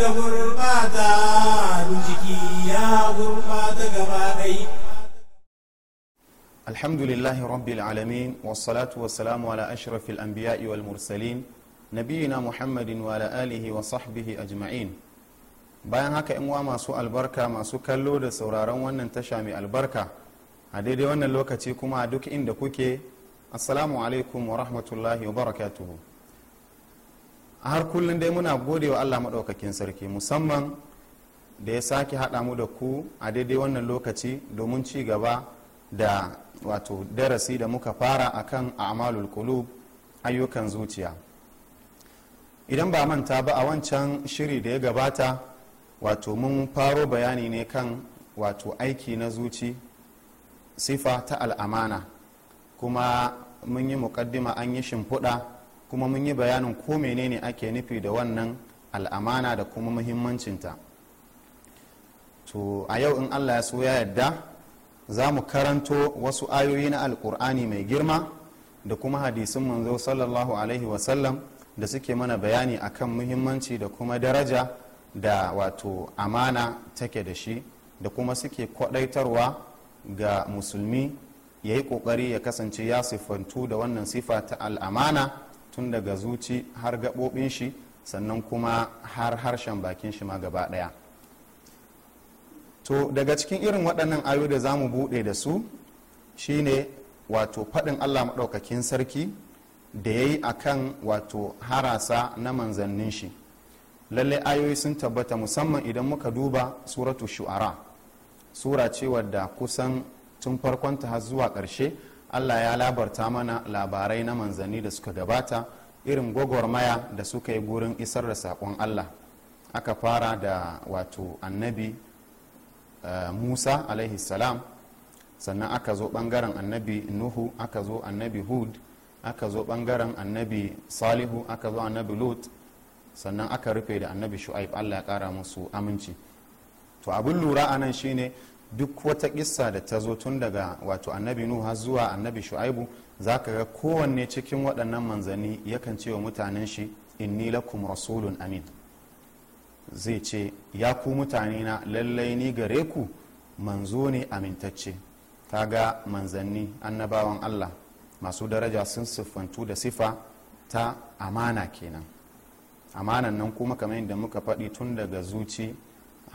da gurbata jiki ya gurbata gaba ɗai alhamdulillahi rabbil alamin wassalatu wassalamu ala ashrafil anbiya'i wal mursalin nabiyina muhammadin wa ala alihi wa sahbihi ajma'in bayan haka in wa masu albarka masu kallo da sauraron wannan tasha mai albarka a daidai wannan lokaci kuma duk inda kuke assalamu alaikum wa rahmatullahi wa barakatuhu har kullum dai muna gode wa allah maɗaukakin sarki musamman da ya sake haɗa mu da ku a daidai wannan lokaci domin ci gaba da wato darasi da muka fara akan a'malul qulub ayyukan zuciya idan ba manta ba a wancan shiri da ya gabata wato mun faro bayani ne kan wato aiki na zuci sifa ta al'amana kuma mun yi mukaddima an yi shimfiɗa kuma mun yi bayanin ko menene ake nufi da wannan al'amana da kuma muhimmancinta to a yau in allah ya so ya yadda za mu karanto wasu ayoyi na alkur'ani mai girma da kuma hadisin manzo sallallahu alaihi wasallam da suke mana bayani akan muhimmanci da kuma daraja da wato amana take da shi da kuma suke kwadaitarwa ga musulmi ya yi kokari ya kasance ya siffantu da wannan sifa ta al'amana tun daga zuci har gaɓoɓin shi sannan kuma har harshen bakin shi ma gaba ɗaya to daga cikin irin waɗannan ayo da za mu buɗe da su shine wato faɗin allah maɗaukakin sarki da ya yi a kan wato harasa na manzannin shi lalle ayoyi sun tabbata musamman idan muka duba suratu shu'ara sura ce wadda kusan tun farkonta har zuwa ƙarshe allah ya labarta mana labarai na manzanni da suka gabata irin gwagwarmaya da suka yi gurin isar da saƙon allah aka fara da wato annabi uh, musa alaihi salam sannan aka zo ɓangaren annabi nuhu aka zo annabi hud aka zo ɓangaren annabi salihu aka zo annabi lut sannan aka rufe da annabi shu'aib allah ya ƙara musu aminci to abin lura a nan shine duk wata kissa da ta zo tun daga wato annabi nuhu zuwa annabi shu'aibu za ka ga kowanne cikin waɗannan manzanni yakan ce wa mutanen shi inni lakum rasulun amin zai ce ya ku mutane na lallai ni gare ku manzo ne amintacce ta ga manzanni annabawan allah masu daraja sun siffantu da sifa ta amana kenan amanan nan kuma kamar yadda muka faɗi tun daga zuci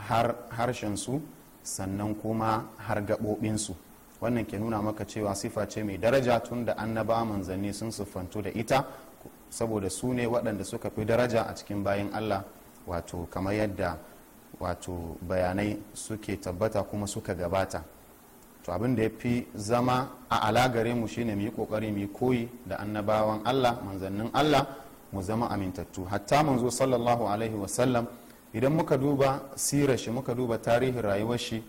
har su. sannan kuma har gaɓoɓinsu wannan ke nuna maka cewa sifa ce mai daraja tun da annaba manzanni sun siffantu da ita saboda su ne waɗanda suka fi daraja a cikin bayan allah wato kamar yadda wato bayanai suke tabbata kuma suka gabata to abin da ya fi zama a alagare mu shine mu yi kokari mu yi koyi da annabawan allah manzannin allah mu zama amintattu hatta manzo sallallahu alaihi wasallam idan muka duba sirar shi muka duba tarihin rayuwar shi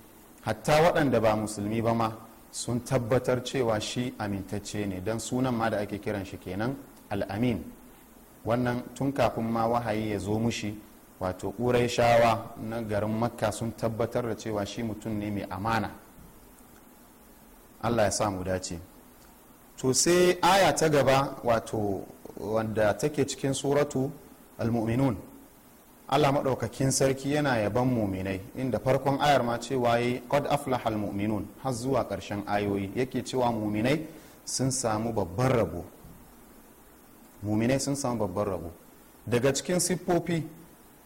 hatta waɗanda ba musulmi ba ma sun tabbatar cewa shi amintacce ne don sunan ma da ake kiran shi kenan al'amin wannan tun kafin ma wahayi ya zo mushi wato ƙurai shawa na garin makka sun tabbatar da cewa shi mutum ne mai amana allah ya sa mu dace to sai aya ta gaba wato wanda take cikin suratu al-mu'minun allah maɗaukakin sarki yana yaban muminai inda farkon ayar ma cewa yi qad aflahal mu'minun har zuwa ƙarshen ayoyi yake cewa muminai sun samu babban rabo muminai sun samu babban rabo daga cikin siffofi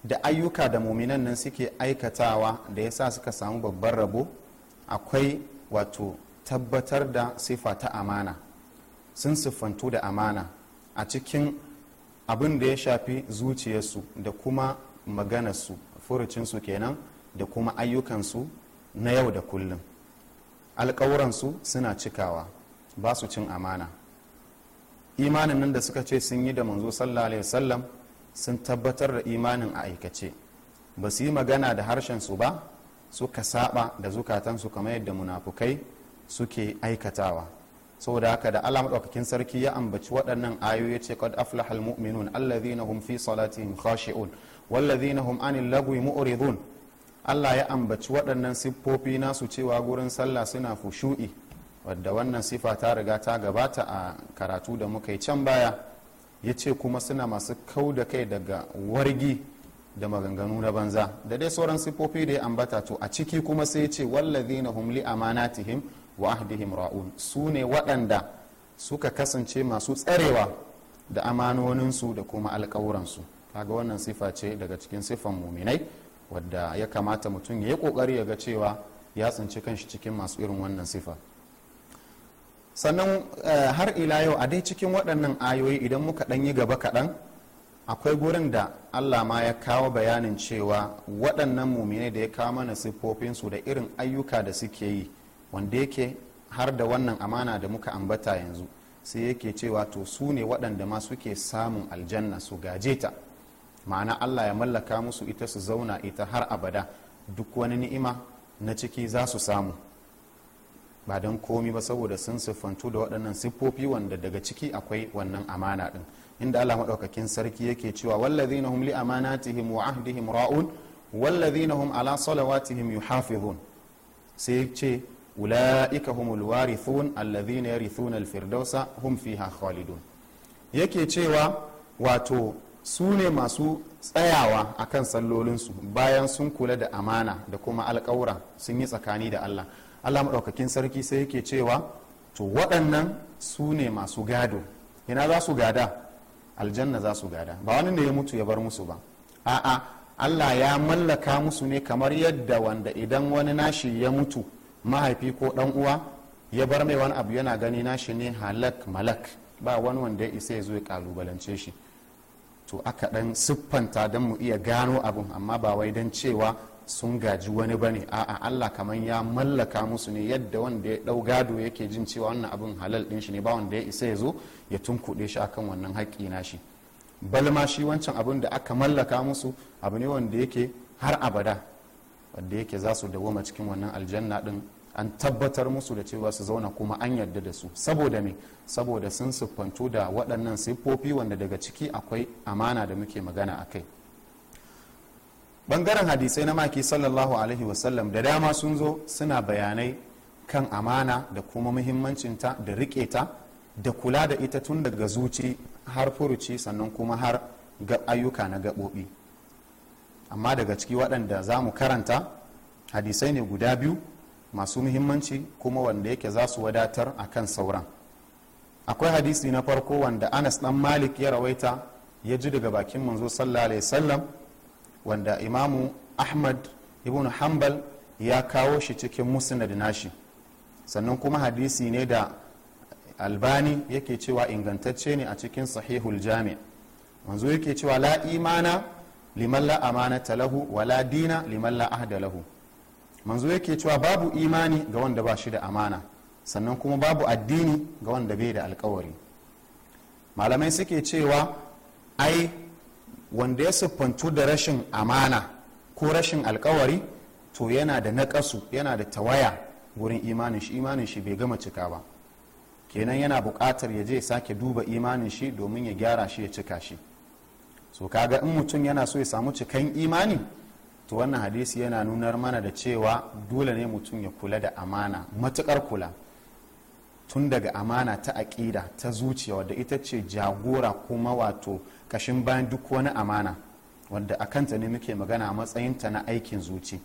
da ayyuka da muminan nan suke aikatawa da ya sa suka samu babban rabo akwai wato tabbatar da sifa ta amana sun siffantu da amana a cikin abin da ya shafi zuciyarsu da kuma maganarsu furucinsu kenan da kuma ayyukansu na yau da kullum alkawuransu suna cikawa ba su cin amana imanin nan da suka ce sun yi da manzo sallallahu alaihi wasallam sun tabbatar da imanin a aikace ba su yi magana da harshensu ba suka saba da zukatansu kamar yadda munafukai suke aikatawa saboda haka da alama ɗaukakin sarki ya ambaci waɗannan ayoyi ce kod aflahal mu'minun allazina hum fi salatihim khashi'un wallazina hum anil lagwi mu'ridun Allah ya ambaci waɗannan siffofi nasu cewa gurin sallah suna fushu'i wadda wannan sifa ta riga ta gabata a karatu da muka yi can baya ya ce kuma suna masu kau da kai daga wargi da maganganu na banza da dai sauran siffofi da ya ambata to a ciki kuma sai ce wallazina hum li amanatihim wa ahdihim ra'un su ne waɗanda suka kasance masu tsarewa da amanoninsu da kuma alƙawuransu kaga wannan sifa ce daga cikin sifan muminai wadda ya kamata mutum ya yi kokari ya ga cewa ya tsinci kanshi cikin masu irin wannan sifa sannan eh, har ila yau a dai cikin waɗannan ayoyi idan muka ɗan yi gaba kaɗan akwai gurin da allah ma ya kawo bayanin cewa waɗannan muminai da ya kawo mana siffofinsu da irin ayyuka da suke yi wanda yake har da wannan amana da muka ambata yanzu sai yake cewa to su ne waɗanda ma suke samun aljanna su gaje ta ma'ana allah ya mallaka musu ita su zauna ita har abada duk wani ni'ima na ciki za su samu ba don komi ba saboda sun siffantu da waɗannan siffofi wanda daga ciki akwai wannan amana ɗin inda allah maɗaukakin sarki yake cewa na hum li amanatihim wa ahdihim ra'un na hum ala salawatihim yuhafizun sai ya ce ula'ika humul warithun allazina yarithuna alfirdausa hum fiha khalidun yake cewa wato su ne masu tsayawa a kan sallolinsu bayan sun kula da amana da kuma alkawura sun yi tsakani da allah allah maɗaukakin sarki sai yake cewa to waɗannan su ne masu gado ina za su gada aljanna za su gada ba wani ne ya mutu ya bar musu ba a'a allah ya mallaka musu ne kamar yadda wanda idan wani nashi ya mutu mahaifi ko ɗan uwa ya bar mai wani abu yana gani nashi ne halak malak ba wani wanda ya isa ya zo ya kalubalance shi to aka dan siffanta don mu iya gano abin amma ba wai don cewa sun gaji wani ba ne a'a allah kamar ya mallaka musu ne yadda wanda ya dau gado yake jin cewa wannan abin halal din shi ne ba wanda ya isa ya zo ya tunkuɗe shi akan wannan haƙƙi na shi balma shi wancan abin da aka mallaka musu abu ne wanda yake har abada wanda yake za su dawoma cikin wannan aljanna din an tabbatar musu da cewa su zauna kuma an yarda da su saboda me saboda sun siffantu da waɗannan siffofi wanda daga ciki akwai amana da muke magana a kai ɓangaren hadisai na maki sallallahu alaihi wasallam da dama sun zo suna bayanai kan amana da kuma muhimmancinta da riƙe ta da kula da ita tun daga zuci har furuci sannan kuma har ayyuka na gaɓoɓi amma daga ciki waɗanda za mu karanta hadisai ne guda biyu masu muhimmanci kuma wanda yake za su wadatar a kan sauran akwai hadisi na farko wanda anas dan malik ya rawaita ya ji daga bakin manzo sallallahu alaihi wanda imamu ahmad ibn hanbal ya kawo shi cikin musnad nashi sannan kuma hadisi ne da albani yake cewa ingantacce ne a cikin sahihul jami manzo yake cewa la imana liman la amanata lahu wa la dina liman la ahda lahu manzo yake cewa babu imani ga wanda ba shi da amana sannan kuma babu addini ga wanda bai da alkawari malamai suke cewa ai wanda ya siffantu da rashin amana ko rashin alkawari to yana da naƙasu yana da tawaya wurin imanin shi imanin shi bai gama cika ba kenan yana buƙatar ya je sake duba imanin shi domin ya gyara shi ya cika shi so kaga in mutum yana so ya samu cikan imani to wannan hadisi yana nunar mana da cewa dole ne mutum ya kula da amana matukar kula tun daga amana ta aƙida ta zuciya wadda ita ce jagora kuma wato kashin bayan duk wani amana wadda a kanta ne muke magana a matsayinta na aikin zuci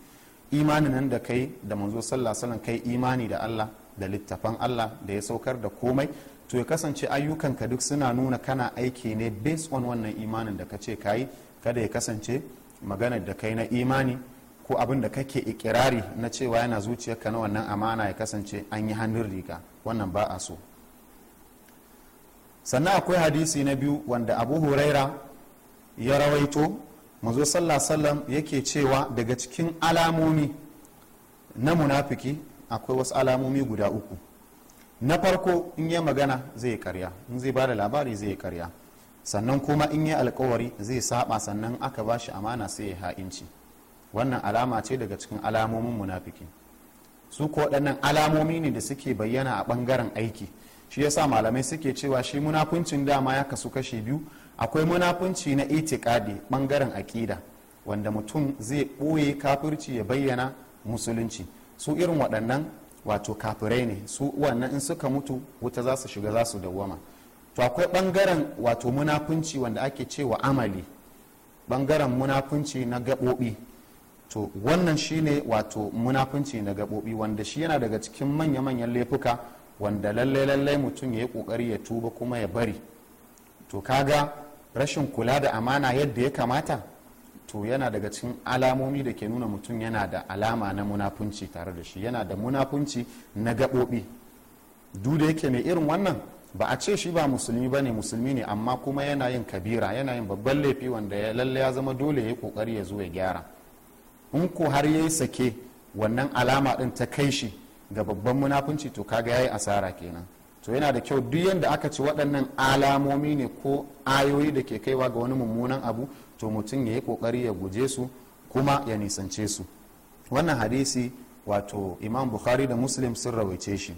imanin nan da kai da manzo sallallahu kai imani da Allah da littafan Allah da ya saukar da komai to ya kasance ayyukanka duk suna nuna kana aiki ne based on wannan imanin da ka ce kayi kada ya kasance maganar da kai na imani ko abin da kake ikirari na cewa yana zuciyarka na wannan amana ya kasance an yi hannun riga wannan ba a so sannan akwai hadisi na biyu wanda abu huraira ya rawaito mazo sallasallam sallam yake cewa daga cikin alamomi na munafiki akwai wasu alamomi guda uku na farko in ya magana zai karya in zai ba da labari zai karya sannan kuma in yi alkawari zai saba sannan aka ba shi amana sai ya ha'inci wannan alama ce daga cikin alamomin munafiki su ko waɗannan alamomi ne da suke bayyana a ɓangaren aiki shi yasa malamai suke cewa shi munafuncin dama ya kasu kashe biyu akwai munafunci na itikadi ɓangaren aƙida wanda mutum zai ɓoye kafirci ya bayyana musulunci su irin waɗannan wato kafirai ne su wannan in suka mutu wuta za su shiga za su dawwama to akwai bangaren wato munafunci wanda ake cewa amali bangaren munafunci na gaɓoɓi to wannan shine wato munafunci na gaɓoɓi wanda shi yana daga cikin manya-manyan laifuka wanda lallai-lallai mutum ya yi ƙoƙari ya tuba kuma ya bari to kaga rashin kula da amana yadda ya kamata to yana daga cikin alamomi da ke nuna mutum yana da alama na munafunci tare da shi yana da munafunci na gaɓoɓi duk da yake mai irin wannan ba a ce shi ba musulmi ba ne musulmi ne amma kuma yana yin kabira yana yin babban laifi wanda ya lalle ya zama dole ya yi kokari ya zo ya gyara in ko har ya yi sake wannan alama din ta kai shi ga babban munafunci to kaga ya yi asara kenan to yana da kyau duk yadda aka ci waɗannan alamomi ne ko ayoyi da ke kaiwa ga wani mummunan abu to mutum ya yi kokari ya guje su kuma ya nisance su wannan hadisi wato imam bukhari da muslim sun rawaice shi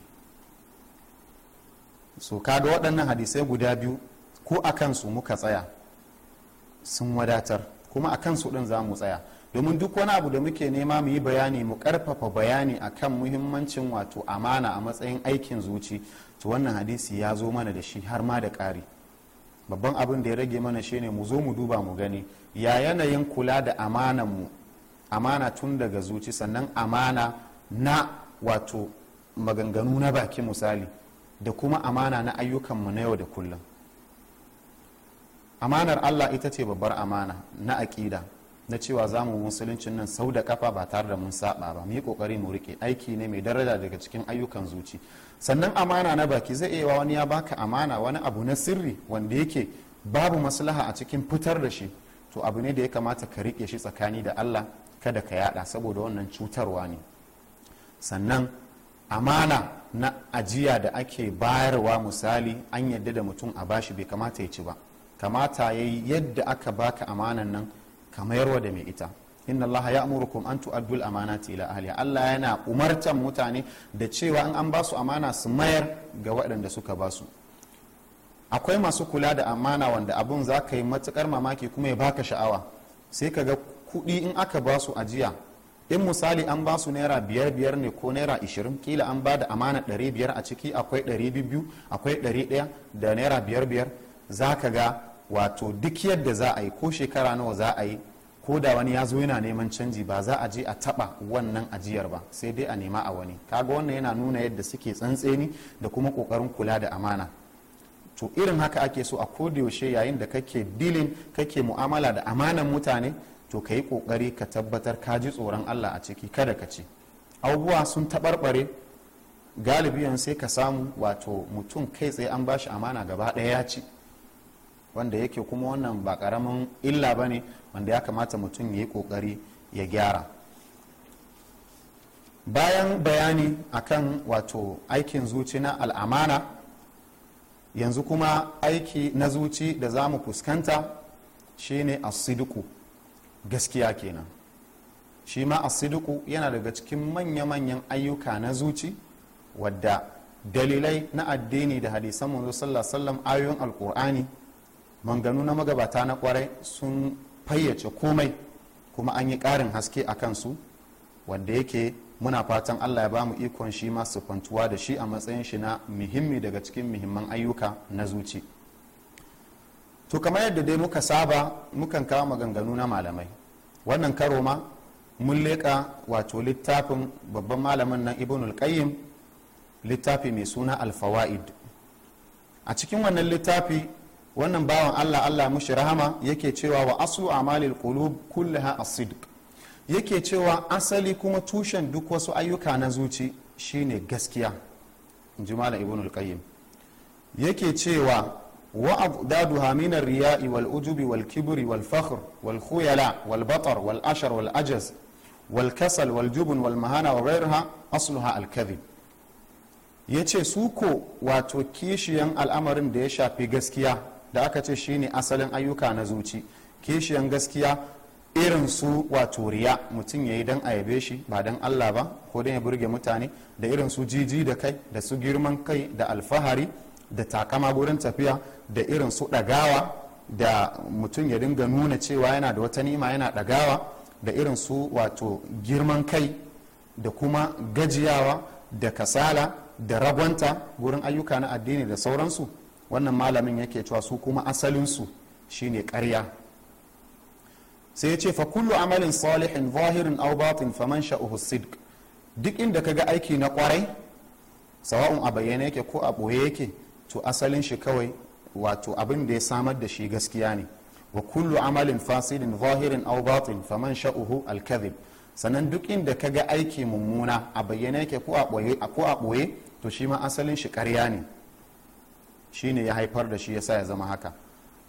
so kaga waɗannan hadisai guda biyu ko a kansu muka tsaya sun wadatar kuma a kansu ɗin za mu tsaya domin duk wani abu da muke nema mu yi bayani mu ƙarfafa bayani a kan muhimmancin wato amana a matsayin aikin zuci to wannan hadisi ya zo mana da shi har ma da ƙari babban abin da ya rage mana shi ne mu zo mu duba mu gani ya yanayin kula da amanan amana tun daga zuci sannan amana na wato maganganu na baki misali da kuma amana na ayyukanmu na yau da kullum amanar allah ita ce babbar amana na aƙida na cewa za mu musuluncin nan sau da kafa ba tare da mun saba ba mu yi kokari mu rike aiki ne mai daraja daga cikin ayyukan zuci sannan amana na baki zai iya wani ya baka amana wani abu na sirri wanda yake babu maslaha a cikin fitar da shi to abu ne da ya kamata ka rike shi tsakani da allah kada ka yada saboda wannan cutarwa ne sannan amana na ajiya da ake bayarwa misali an yadda da mutum a bashi bai kamata ya ci ba kamata ya yi yadda aka baka amanan nan ka mayarwa da mai ita inna Allah ya amurukum an tu'addul amanati ila ahliha Allah yana umartan mutane da cewa in an ba su amana su mayar ga waɗanda suka ba su akwai masu kula da amana wanda abun za ka yi matukar mamaki kuma ya baka sha'awa sai ka ga kuɗi in aka ba su ajiya in misali an ba su naira biyar biyar ne ko naira ishirin kila an ba da amana ɗari biyar a ciki akwai ɗari biyu akwai ɗari ɗaya da naira biyar biyar za ka ga wato duk yadda za a yi ko shekara nawa za a yi ko da wani ya zo yana neman canji ba za a je a taɓa wannan ajiyar ba sai dai a nema a wani kaga wannan yana nuna yadda suke tsantseni da kuma kokarin kula da amana to irin haka ake so a kodayaushe yayin da kake dilin kake mu'amala da amanan mutane to ka yi ƙoƙari ka tabbatar ka ji tsoron allah a ciki kada ka ce abubuwa sun taɓarɓare galibiyan sai ka samu wato mutum kai tsaye an bashi amana gaba ɗaya ya ci wanda yake kuma wannan ba ƙaramin illa ba ne wanda ya kamata mutum ya yi ƙoƙari ya gyara bayan bayani akan wato aikin zuci na al'amana yanzu kuma aiki na zuci da za mu fuskanta shine asiduku gaskiya kenan shi ma asidiku yana daga cikin manya-manyan ayyuka na zuci wadda dalilai na addini da hadisan manzo sallallahu alaihi ayoyin alkur'ani manganu na magabata na kwarai sun fayyace komai kuma an yi ƙarin haske a kansu wadda yake muna fatan allah ya bamu ikon shi ma su kwantuwa da shi a matsayin shi na muhimmi daga cikin muhimman ayyuka na zuci. to kamar yadda dai muka saba mukan kawo maganganu na malamai wannan karo ma mun leƙa wato littafin babban malamin nan ibn qayyim littafi mai suna alfawa'id a cikin wannan littafi wannan bawan allah allah mushi rahama yake cewa wa asu amalil qulub kullaha as-sidq yake cewa asali kuma tushen duk wasu ayyuka na zuci shine gaskiya in ji malam ibn qayyim yake cewa وأضدادها من الرياء والأجب والكبر والفخر والخيلاء والبطر والأشر والأجز والكسل والجبن والمهانة وغيرها أصلها الكذب yace su ko wato kishiyan al'amarin da ya shafi gaskiya da aka ce shine asalin ayyuka na zuci kishiyan gaskiya irin su wato riya mutum ya yi don a yabe shi ba don allah ba ko don ya burge mutane da irin su jiji da kai da su girman kai da alfahari da takama gurin tafiya da irin su ɗagawa da mutum ya dinga nuna cewa yana da wata nima yana ɗagawa da irin su wato girman kai da kuma gajiyawa da kasala da ragwanta gurin ayyuka na addini da sauransu wannan malamin yake cewa su kuma asalinsu shine karya sai ya ce fa kullu amalin salihin zahirin aw batin faman sha'uhu sidq duk inda kaga aiki na kwarai sawa'un a bayyane yake ko a ɓoye yake to asalin shi kawai wato abin da ya samar da shi gaskiya ne wa kullu amalin fasidin zahirin aw batin faman sha'uhu al sannan duk inda ka ga aiki mummuna a bayyane yake ko a ɓoye to shi ma asalin shi ƙarya ne shi ne ya haifar da shi yasa ya zama haka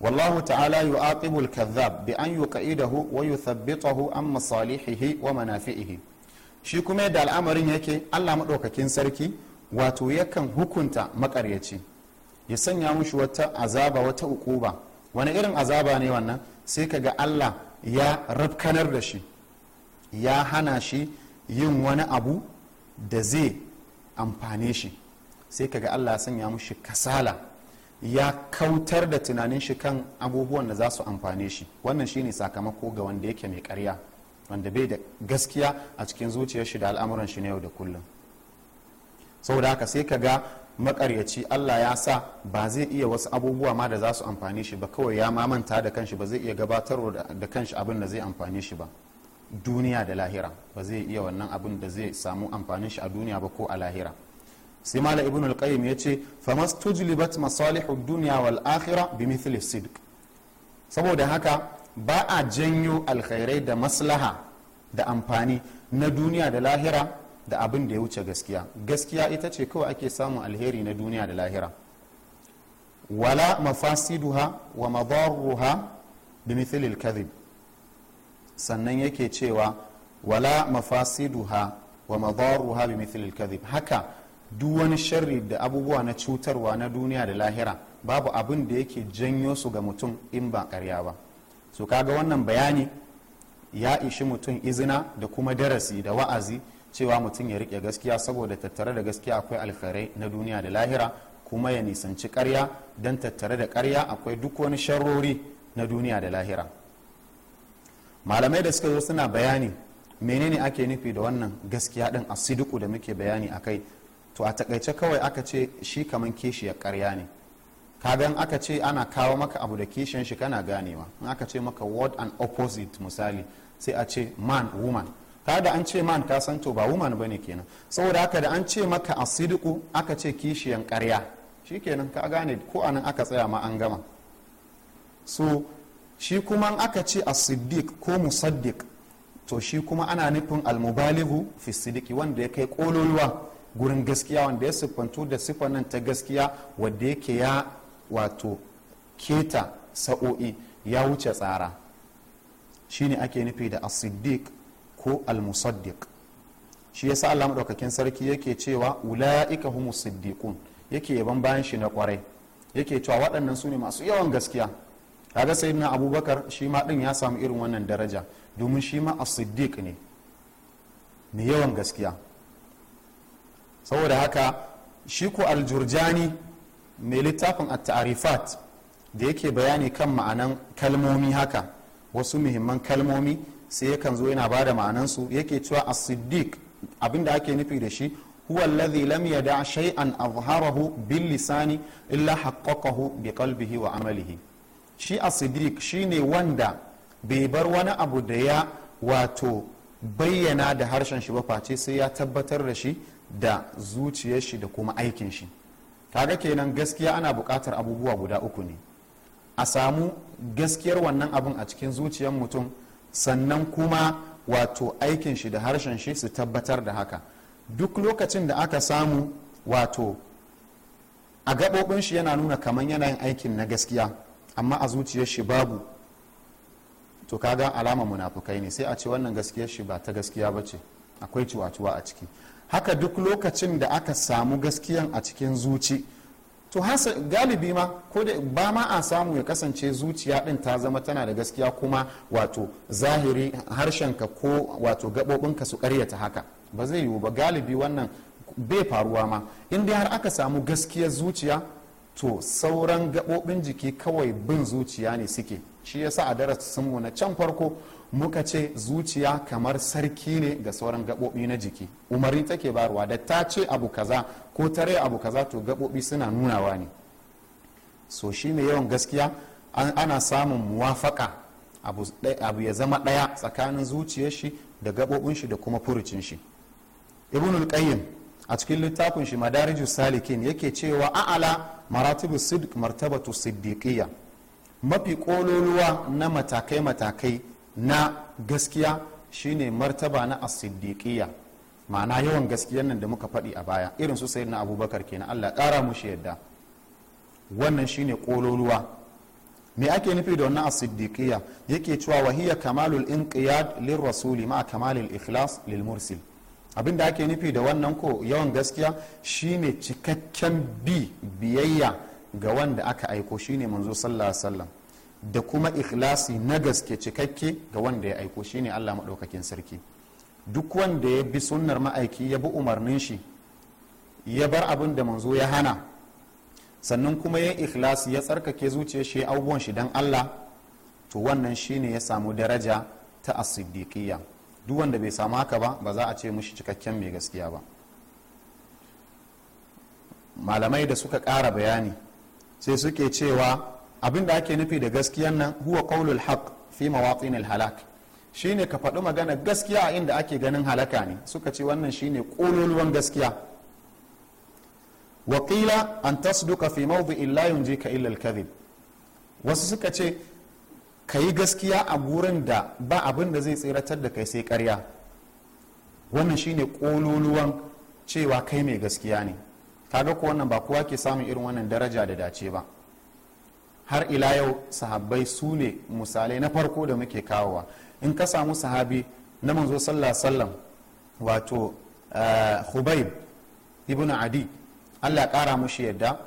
wallahu ta'ala yu'aqibul kadhab bi an yuqaidahu wa yuthabbitahu an masalihihi wa manafi'ihi shi kuma yadda al'amarin yake Allah madaukakin sarki wato yakan hukunta makaryaci ya sanya mushi wata azaba wata ukuba wani irin azaba ne wannan sai ka ga allah ya rafkanar da shi ya hana shi yin wani abu da zai amfane shi sai ka ga allah ya sanya mushi kasala ya kautar da tunanin shi kan abubuwan da za su amfane shi wannan shine sakamako ga wanda yake mai karya wanda bai da gaskiya a cikin zuciyar shi da al'amuran shi na yau da kullum saboda haka sai ka ga makaryaci allah ya sa ba zai iya wasu abubuwa ma da za su amfani shi ba kawai ya mamanta da kanshi ba zai iya gabatarwa da kanshi abin da zai amfani shi ba duniya da lahira ba zai iya wannan abin da zai samu amfanin shi a duniya ba ko a lahira sai mala ibn al ya ce fa mastujlibat masalihu duniya wal akhirah bi mithli sidq saboda haka ba a janyo alkhairai da maslaha da amfani na duniya da lahira da abin da ya wuce gaskiya gaskiya ita ce kawai ake samun alheri na duniya da lahira wala mafasiduha wa madarruha bi mithlil kadhib sannan yake cewa wala mafasiduha wa madarruha bi mithlil kadhib haka duk wani sharri da abubuwa na cutarwa na duniya da lahira babu abin da yake janyo su ga mutum in ba karya ba so kaga wannan bayani ya ishi mutum izina da kuma darasi da wa'azi cewa mutum ya rike gaskiya saboda tattare da gaskiya akwai alkhairai na duniya da lahira kuma ya nisanci karya don tattare da karya akwai duk wani sharrori na duniya da lahira malamai da suka zo suna bayani menene ake nufi da wannan gaskiya din a asidiku da muke bayani a kai to a takaice kawai aka ce shi kaman ya karya ne kagan aka ce ana kawo maka abu da kishiyan shi kana ganewa in aka ce maka word and opposite misali sai a ce man woman ka an ce man ka san to ba woman bane kenan saboda haka da an ce maka asidiku aka ce kishiyan karya shikenan ka gane ko anan aka tsaya ma an gama so shi kuma aka ce asiddiq ko musaddiq to shi kuma ana nufin almubalihu fi sidiki wanda ya kai kololuwa gurin gaskiya wanda ya siffantu da siffan nan ta gaskiya wanda yake ya wato keta sa'o'i ya wuce tsara shine ake nufi da asiddiq ko al-musaddiq shi yasa Allah madaukakin sarki yake cewa ula'ika humus siddiqun yake yaban bayan shi na kwarai yake cewa waɗannan su ne masu yawan gaskiya kaga sayyidina abubakar shi ma din ya samu irin wannan daraja domin shi ma as-siddiq ne mai yawan gaskiya saboda haka shi ko aljurjani mai littafin at-ta'rifat da yake bayani kan ma'anan kalmomi haka wasu muhimman kalmomi sai yakan zo yana bada ma'anansu yake cewa a siddiq abinda ake nufi da shi huwa alladhi lam yada shay'an azharahu bil lisani illa haqqaqahu bi qalbihi wa amalihi shi a siddiq shine wanda bai bar wani abu da ya wato bayyana da harshen shi ba face sai ya tabbatar da shi da zuciyar shi da kuma aikin shi kaga kenan gaskiya ana buƙatar abubuwa guda uku ne a samu gaskiyar wannan abin a cikin zuciyar mutum sannan kuma wato aikin shi da harshen shi su tabbatar da haka duk lokacin da aka samu wato a gaɓoɓin shi yana nuna kamar yanayin aikin na gaskiya amma a zuciyar shi babu to kaga alama munafukai ne sai a ce wannan gaskiyar shi ba ta gaskiya ba ce akwai ciwa a ciki haka duk lokacin da aka samu gaskiyan a cikin zuci to hasa galibi ma ko da ba ma a samu ya kasance zuciya din ta zama tana da gaskiya kuma wato zahiri harshenka ko wato gaɓoɓinka su karyata haka ba zai yiwu ba galibi wannan bai faruwa ma in dai har aka samu gaskiya zuciya to sauran gaɓoɓin jiki kawai bin zuciya ne suke shi yasa a darasinmu na can farko muka ce zuciya kamar sarki ne ga sauran gaɓoɓi na jiki umarni take barwa da ta ce abu kaza ko tare abu kaza to gaɓoɓi suna nunawa ne so shi ne yawan gaskiya ana samun muwafaka abu ya zama ɗaya tsakanin zuciyar shi da gabobin shi da kuma furucin shi ibnul qayyim a cikin littafin shi madariju salikin yake cewa a'ala maratibu sidq martabatu siddiqiyya mafi kololuwa na matakai matakai na gaskiya shine martaba na as-siddiqiyya ma'ana yawan gaskiyar nan da muka faɗi a baya irin su na abubakar kenan allah ƙara shi yadda wannan shine ƙololuwa me ake nufi da wannan asiddiqiya yake cewa wahiya kamalul inqiyad lir rasuli ma kamalul ikhlas lil mursil da ake nufi da wannan ko yawan gaskiya shine cikakken bi biyayya ga wanda aka aiko shine manzo sallallahu alaihi wasallam da kuma ikhlasi na gaske cikakke ga wanda ya aiko shine Allah madaukakin sarki duk wanda ya bi sunnar ma'aiki ya bi umarnin shi ya bar abin da manzo ya hana sannan kuma ya ikhlas ya tsarkake zuciyar shi abubuwan shi don Allah to wannan shine ya samu daraja ta as duk wanda bai samu haka ba ba za a ce mushi cikakken mai gaskiya ba malamai da suka kara bayani sai suke cewa abin da ake nufi da gaskiyan nan huwa qaulul haq fi mawatin al-halak shine ka faɗi magana gaskiya a inda ake ganin halaka ne suka ce wannan shine ƙololuwan gaskiya waƙila an tasduka fi mawdi'in la ka illa al wasu suka ce ka yi gaskiya a gurin da ba abin da zai tseratar da kai sai karya wannan shine ƙololuwan cewa kai mai gaskiya ne kaga ko wannan ba kowa ke samun irin wannan daraja da dace ba har ila yau sahabbai su ne misalai na farko da muke kawowa in ka samu sahabi na manzo sallallahu sallam wato eh, hubaib ibn adi allah kara mushi yadda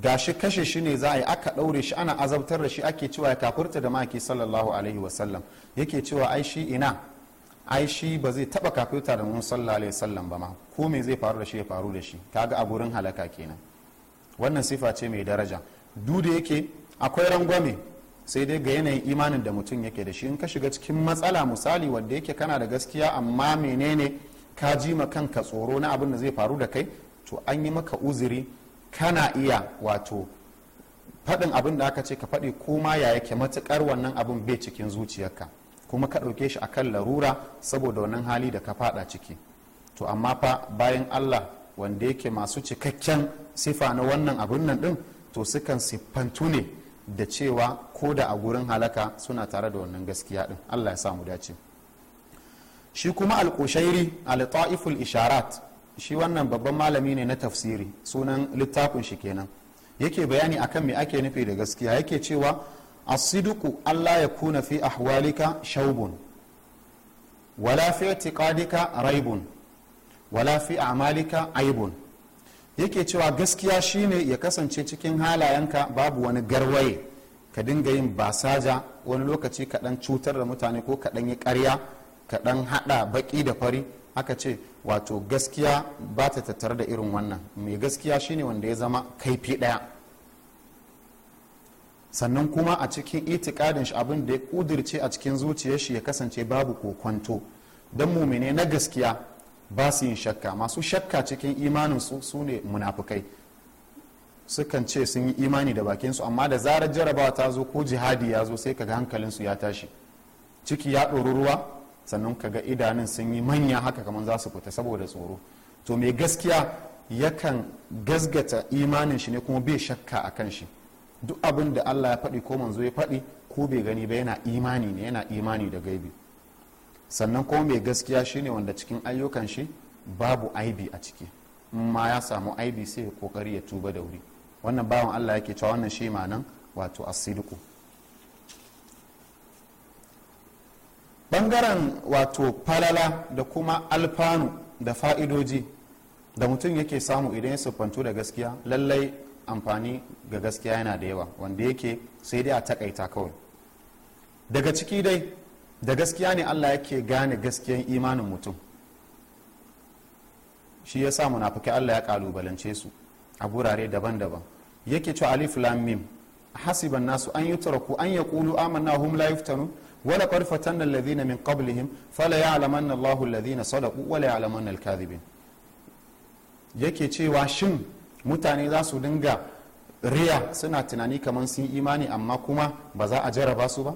ga shi kashe shi ne za a yi aka ɗaure shi ana azabtar da shi ake cewa ya kafurta da maki sallallahu alaihi wasallam yake cewa ai shi ina ai shi ba zai taba kafirta da mun sallallahu alaihi wasallam ba ma ko me zai faru da shi ya faru da shi kaga a gurin halaka kenan wannan sifa ce mai daraja duk da yake akwai rangwame sai dai ga yanayin imanin da mutum yake da shi in ka shiga cikin matsala misali wanda yake kana da gaskiya amma menene ka ji ma kanka tsoro na abin da zai faru da kai to an yi maka uzuri kana iya wato faɗin abin da aka ce ka faɗi koma ya yake matukar wannan abin bai cikin zuciyarka kuma ka ɗauke shi akan larura saboda wannan hali da ka faɗa ciki to amma fa bayan allah wanda yake masu cikakken sifa na wannan abin nan din to sukan siffantu ne da cewa ko da a gurin halaka suna tare da wannan gaskiya din allah ya samu dace shi kuma alkushairi al-ta'iful isharat shi wannan babban malami ne na tafsiri sunan littafin shi kenan yake bayani akan me ake nufi da gaskiya yake cewa asiduku allah ya kuna fi ahwalika shaubun wala fi itiqadika raibun wala fi a'malika aibun yake cewa gaskiya shine ya kasance cikin halayenka babu wani garwaye ka dinga yin basaja wani lokaci kaɗan cutar da mutane ko kaɗan yi ƙarya kaɗan haɗa baƙi da fari aka ce wato gaskiya ba ta tattare da irin wannan mai gaskiya shine wanda ya zama kaifi ɗaya sannan kuma a cikin itikadin shi abin da ya kudirce a cikin zuciyar shi ya kasance babu kwanto don mumine na gaskiya ba su yin shakka masu shakka cikin imanin su su ne munafukai sukan ce sun yi imani da bakin su amma da zarar jarabawa ta zo ko jihadi ya zo sai kaga hankalin su ya tashi ciki ya ɗori ruwa sannan kaga idanun sun yi manya haka kamar za su fita saboda tsoro to mai gaskiya yakan gasgata imanin shi ne kuma bai shakka a kan shi duk abin da allah ya faɗi ko manzo ya faɗi ko bai gani ba yana imani ne yana imani da gaibi sannan kuma mai gaskiya shine wanda cikin ayyukan shi babu aibi a ciki in ma ya samu aibi sai ya kokari ya tuba da wuri wannan bawan allah yake cewa wannan shi nan wato asidiku bangaren wato falala da kuma alfanu da fa'idoji da mutum yake samu idan ya siffantu da gaskiya lallai amfani ga gaskiya yana da yawa wanda yake sai dai a takaita kawai daga ciki dai da gaskiya ne allah yake gane gaskiyan imanin mutum shi ya sa munafuki allah ya kalubalance su a gurare daban-daban yake cewa alif lam mim hasiban nasu an yutraku an yaqulu amanna hum la yuftanu wala qad fatanna alladhina min qablihim fala ya'lamanna allahu alladhina sadaqu wala ya'lamanna alkadhibin yake cewa shin mutane za su dinga riya suna tunani kamar sun imani amma kuma ba za a jarraba su ba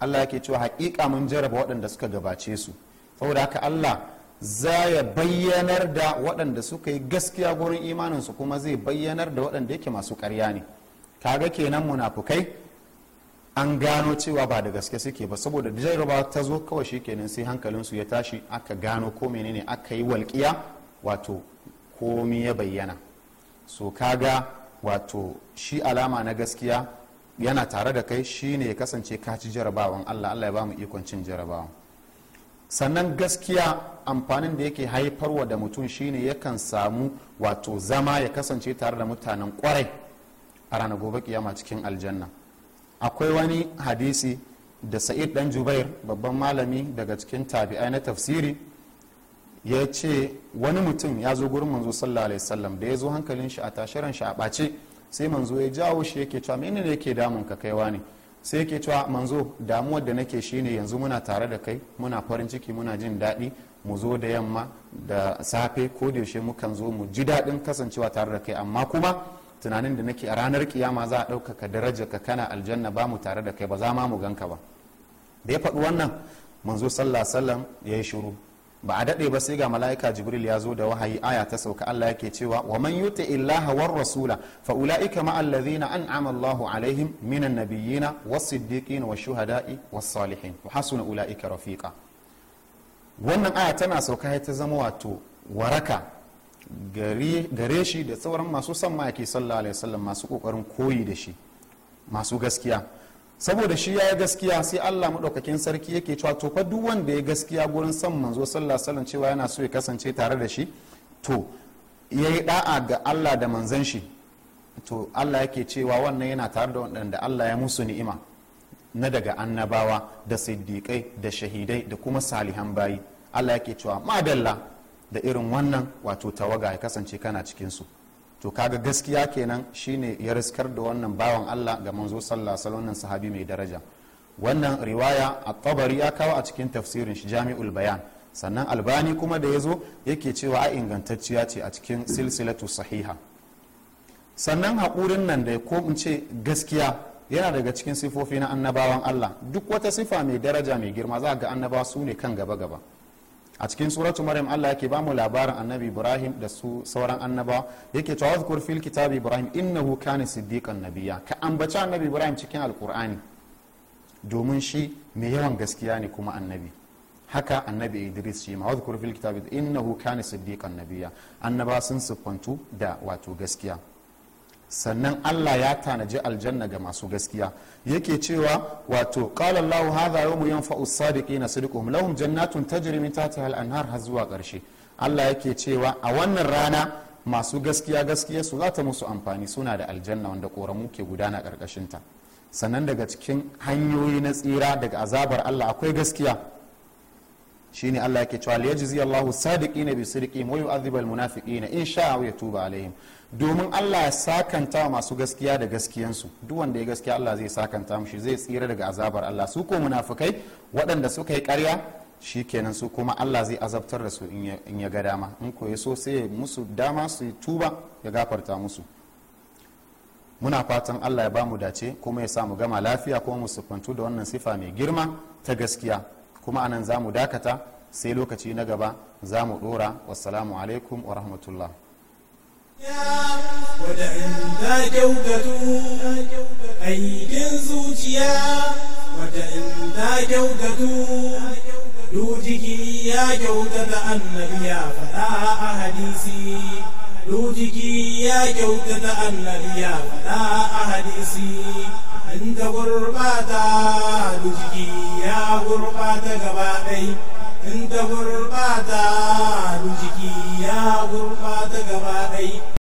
Allah yake cewa haƙiƙa mun jarraba waɗanda suka gabace su saboda haka Allah za ya bayyanar da waɗanda suka yi gaskiya gurin imaninsu kuma zai bayyanar da waɗanda yake masu ƙarya ne kaga kenan munafukai an gano cewa ba da gaske suke ba saboda jarraba ta zo kawai shi kenan sai hankalinsu ya tashi aka gano ko menene aka yi walƙiya wato komi ya bayyana so kaga wato shi alama na gaskiya yana tare da kai shine ya kasance ka ci jarabawan allah allah ya ba mu ikon cin jarabawan sannan gaskiya amfanin da yake haifarwa da mutum shine yakan samu wato zama ya kasance tare da mutanen kwarai a ranar gobe kiyama cikin aljanna akwai wani hadisi da sa'id dan jubair babban malami daga cikin tabi'ai na tafsiri ya ce wani mutum ya zo gurin manzo sallallahu alaihi wasallam da ya zo hankalin shi a tashiran shi a ɓace sai manzo ya jawo shi yake cewa mene ne yake damun ka kaiwa ne sai yake cewa manzo damuwar da nake shine yanzu muna tare da kai muna farin ciki muna jin daɗi mu zo da yamma da safe ko da yaushe mukan zo mu ji daɗin kasancewa tare da kai amma kuma tunanin da nake a ranar kiyama za a ɗaukaka daraja ka kana aljanna ba mu tare da kai ba za ma mu ganka ba da ya faɗi wannan manzo sallah sallam ya yi shiru ba a daɗe ba sai ga mala'ika jibril ya zo da wahayi aya ta sauka allah yake cewa wa man yuti illaha war rasula fa ulaika ma alladhina an'ama allahu alaihim minan nabiyyina was siddiqin was shuhada'i was salihin wa hasuna ulaika rafiqa wannan aya tana sauka ta zama wato waraka gare shi da sauran masu son yake sallallahu alaihi wasallam masu kokarin koyi da shi masu gaskiya saboda shi ya yi gaskiya sai allah maɗaukakin sarki yake cewa to fa duk wanda ya gaskiya gurin son manzo sallah sallan cewa yana so ya kasance tare da shi to ya yi da'a ga allah da manzan shi to allah yake cewa wannan yana tare da waɗanda allah ya musu ni'ima na daga annabawa da siddiƙai da shahidai da kuma salihan bayi allah yake cewa madalla da irin wannan wato tawaga ya kasance kana cikinsu to kaga gaskiya kenan shine ya riskar da wannan bawan Allah ga manzo sallallahu alaihi wasallam sahabi mai daraja wannan riwaya a tabari ya kawo a cikin tafsirin shi jami'ul bayan sannan albani kuma da ya zo yake cewa a ingantacciya ce a cikin silsilatu sahiha sannan haƙurin nan da ko in ce gaskiya yana daga cikin sifofi na annabawan allah duk wata sifa mai daraja mai girma za ga annabawa su ne kan gaba gaba a cikin suratu maryam Allah yake bamu labarin annabi Ibrahim da su sauran annaba yake cewa zukur fil kitabi Ibrahim innahu kana siddiqan nabiyya ka ambaci annabi Ibrahim cikin alkur'ani domin shi mai yawan gaskiya ne kuma annabi haka annabi Idris shi ma zukur fil kitab innahu kana siddiqan nabiyya annaba sun siffantu da wato gaskiya sannan Allah ya tanaji aljanna ga masu gaskiya yake cewa wato qala Allahu hadha yawmu yanfa'u as-sadiqina sidquhum lahum jannatun tajri min tahtiha al-anhar har zuwa karshe Allah yake cewa a wannan rana masu gaskiya gaskiya su za ta musu amfani suna da aljanna wanda koramu ke gudana karkashin ta sannan daga cikin hanyoyi na tsira daga azabar Allah akwai gaskiya shine Allah yake cewa li yajzi Allahu sadiqina bi sidqihim wa yu'adhibu al-munafiqina in sha'a ya tuba alaihim domin Allah ya sakanta masu gaskiya da gaskiyansu duk wanda ya gaskiya Allah zai sakanta mushi zai tsira daga azabar Allah su ko munafukai waɗanda suka yi ƙarya shikenan su kuma Allah zai azabtar da su in ya ga dama in ko ya so sai musu dama su yi tuba ya gafarta musu muna fatan Allah ya bamu dace kuma ya samu gama lafiya kuma mu sufantu da wannan sifa mai girma ta gaskiya kuma anan za mu dakata sai lokaci na gaba za mu dora salamu alaikum wa rahmatullah wada'inda kyautatu aikin zuciya ya kyautata annabi ya faɗa a hadisi dujiki ya kyautata annabi ya faɗa a hadisi in ta gurbata da jiki ya gurbata gaba in ta gurbata da jiki ya gurbata gaba